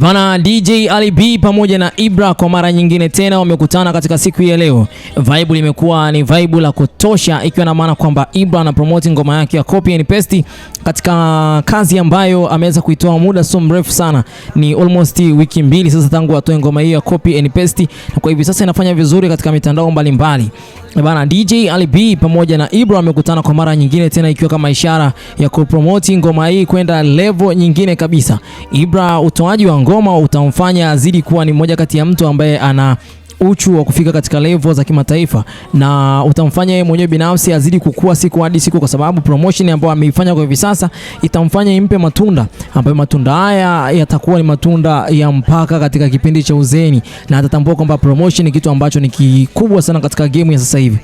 bana DJ Ali B pamoja na Ibra kwa mara nyingine tena wamekutana katika siku ya leo. Vibe limekuwa ni vibe la kutosha, ikiwa na maana kwamba Ibra ana promote ngoma yake ya copy and paste katika kazi ambayo ameweza kuitoa muda so mrefu sana, ni almost wiki mbili sasa tangu atoe ngoma hiyo ya copy and paste, na kwa hivi sasa inafanya vizuri katika mitandao mbalimbali mbali. Eh, bana DJ Ali B pamoja na Ibra amekutana kwa mara nyingine tena ikiwa kama ishara ya kupromoti ngoma hii kwenda level nyingine kabisa. Ibra, utoaji wa ngoma utamfanya azidi kuwa ni mmoja kati ya mtu ambaye ana uchu wa kufika katika level za kimataifa na utamfanya yeye mwenyewe binafsi azidi kukua siku hadi siku, kwa sababu promotion ambayo ameifanya kwa hivi sasa itamfanya impe matunda ambayo matunda haya yatakuwa ni matunda ya mpaka katika kipindi cha uzeni, na atatambua kwamba promotion ni kitu ambacho ni kikubwa sana katika game ya sasa hivi.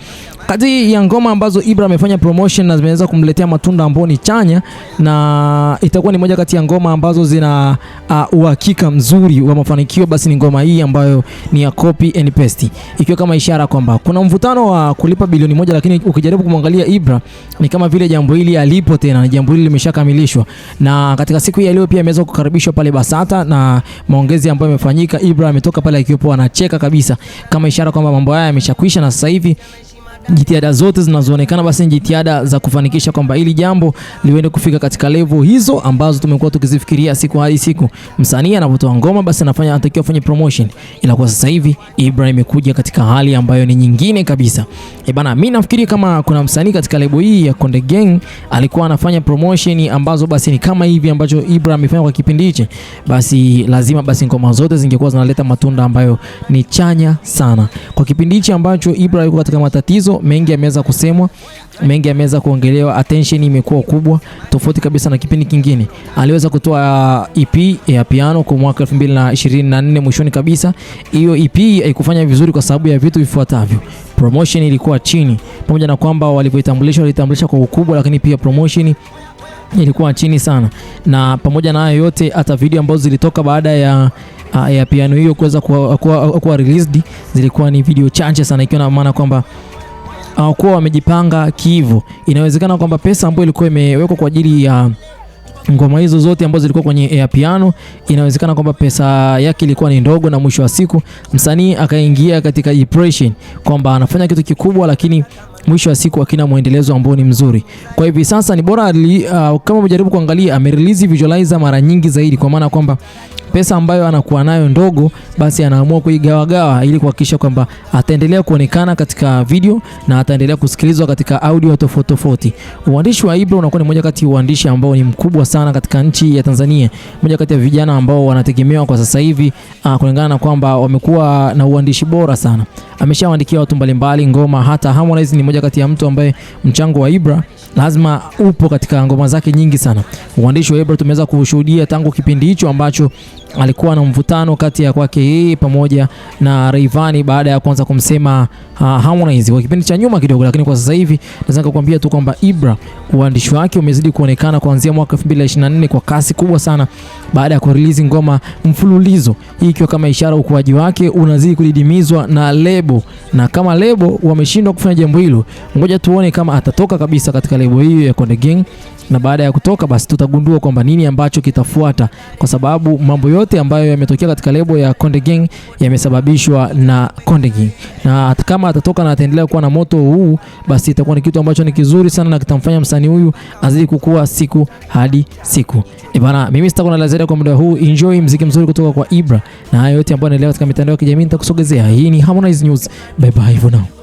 Kati ya ngoma ambazo Ibra amefanya promotion na zimeweza kumletea matunda ambayo ni chanya, na itakuwa ni moja kati ya ngoma ambazo zina uh, uhakika uh, mzuri wa mafanikio, basi ni ngoma hii ambayo ni ya Copy and Pest, ikiwa kama ishara kwamba kuna mvutano wa kulipa bilioni moja, lakini ukijaribu kumwangalia Ibra ni kama vile jambo hili alipo tena, jambo hili limeshakamilishwa. Na katika siku hii leo pia ameweza kukaribishwa pale Basata na maongezi ambayo yamefanyika, Ibra ametoka pale akiwa anacheka kabisa, kama ishara kwamba mambo haya yameshakwisha na sasa hivi jitihada zote zinazoonekana basi ni jitihada za kufanikisha kwamba hili jambo liwende kufika katika level hizo ambazo tumekuwa tukizifikiria siku hadi siku. Msanii anapotoa ngoma basi anafanya anatakiwa afanye promotion, ila kwa sasa hivi Ibra imekuja katika hali ambayo ni nyingine kabisa. E bana, mi nafikiri kama kuna msanii katika lebo hii ya Konde Gang alikuwa anafanya promotion ambazo basi ni kama hivi ambacho Ibra amefanya kwa kipindi hichi, basi lazima basi ngoma zote zingekuwa zinaleta matunda ambayo ni chanya sana. Kwa kipindi hichi ambacho Ibra yuko katika matatizo mengi, ameweza kusemwa mengi yameweza kuongelewa, attention imekuwa kubwa tofauti kabisa na kipindi kingine. Aliweza kutoa EP ya piano kwa mwaka 2024 mwishoni kabisa. Hiyo EP haikufanya vizuri kwa sababu ya vitu vifuatavyo: promotion ilikuwa chini, pamoja na kwamba walivyoitambulisha walitambulisha kwa ukubwa, lakini pia promotion ilikuwa chini sana, na pamoja na hayo yote, hata video ambazo zilitoka baada ya ya piano hiyo kuweza kuwa, kuwa, kuwa released zilikuwa ni video chache sana, ikiwa na maana kwamba hawakuwa ah, wamejipanga kivu Inawezekana kwamba pesa ambayo ilikuwa imewekwa kwa ajili ya ngoma hizo zote ambazo zilikuwa kwenye eh, ya piano, inawezekana kwamba pesa yake ilikuwa ni ndogo, na mwisho wa siku msanii akaingia katika depression kwamba anafanya kitu kikubwa, lakini mwisho wa siku akina mwendelezo ambao ni mzuri. Kwa hivi sasa ni bora li, uh, kama mjaribu kuangalia amerelease visualizer mara nyingi zaidi, kwa maana kwamba pesa ambayo anakuwa nayo ndogo, basi anaamua kuigawagawa ili kuhakikisha kwamba ataendelea kuonekana katika video na ataendelea kusikilizwa katika audio tofauti tofauti. Uandishi wa Ibra unakuwa ni moja kati ya uandishi ambao ni mkubwa sana katika nchi ya Tanzania, moja kati ya vijana ambao wanategemewa kwa sasa hivi uh, kulingana na kwamba wamekuwa na uandishi bora sana. Ameshawaandikia watu mbalimbali ngoma, hata Harmonize ni mmoja kati ya mtu ambaye mchango wa Ibra lazima upo katika ngoma zake nyingi sana. Uandishi wa Ibra tumeweza kushuhudia tangu kipindi hicho ambacho alikuwa na mvutano kati ya kwake yeye pamoja na Rayvanny baada ya kuanza kumsema uh, Harmonize kwa kipindi cha nyuma kidogo, lakini kwa sasa hivi naweza kukuambia tu kwamba Ibra uandishi wake umezidi kuonekana kuanzia mwaka 2024 kwa kasi kubwa sana baada ya kurelease ngoma mfululizo, hii ikiwa kama ishara ukuaji wake unazidi kudidimizwa na lebo, na kama lebo wameshindwa kufanya jambo hilo, ngoja tuone kama atatoka kabisa katika lebo hiyo ya Konde Gang na baada ya kutoka basi tutagundua kwamba nini ambacho kitafuata, kwa sababu mambo yote ambayo yametokea katika lebo ya Konde Gang yamesababishwa na Konde Gang, na kama atatoka na ataendelea kuwa na moto huu, basi itakuwa ni kitu ambacho ni kizuri sana na kitamfanya msanii huyu azidi kukua siku hadi siku. E bana, mimi sitakuwa na la kwa muda huu. Enjoy mziki mzuri kutoka kwa Ibra, na hayo yote ambayo yanaendelea katika mitandao ya kijamii nitakusogezea. Hii ni Harmonize News. Bye bye for now.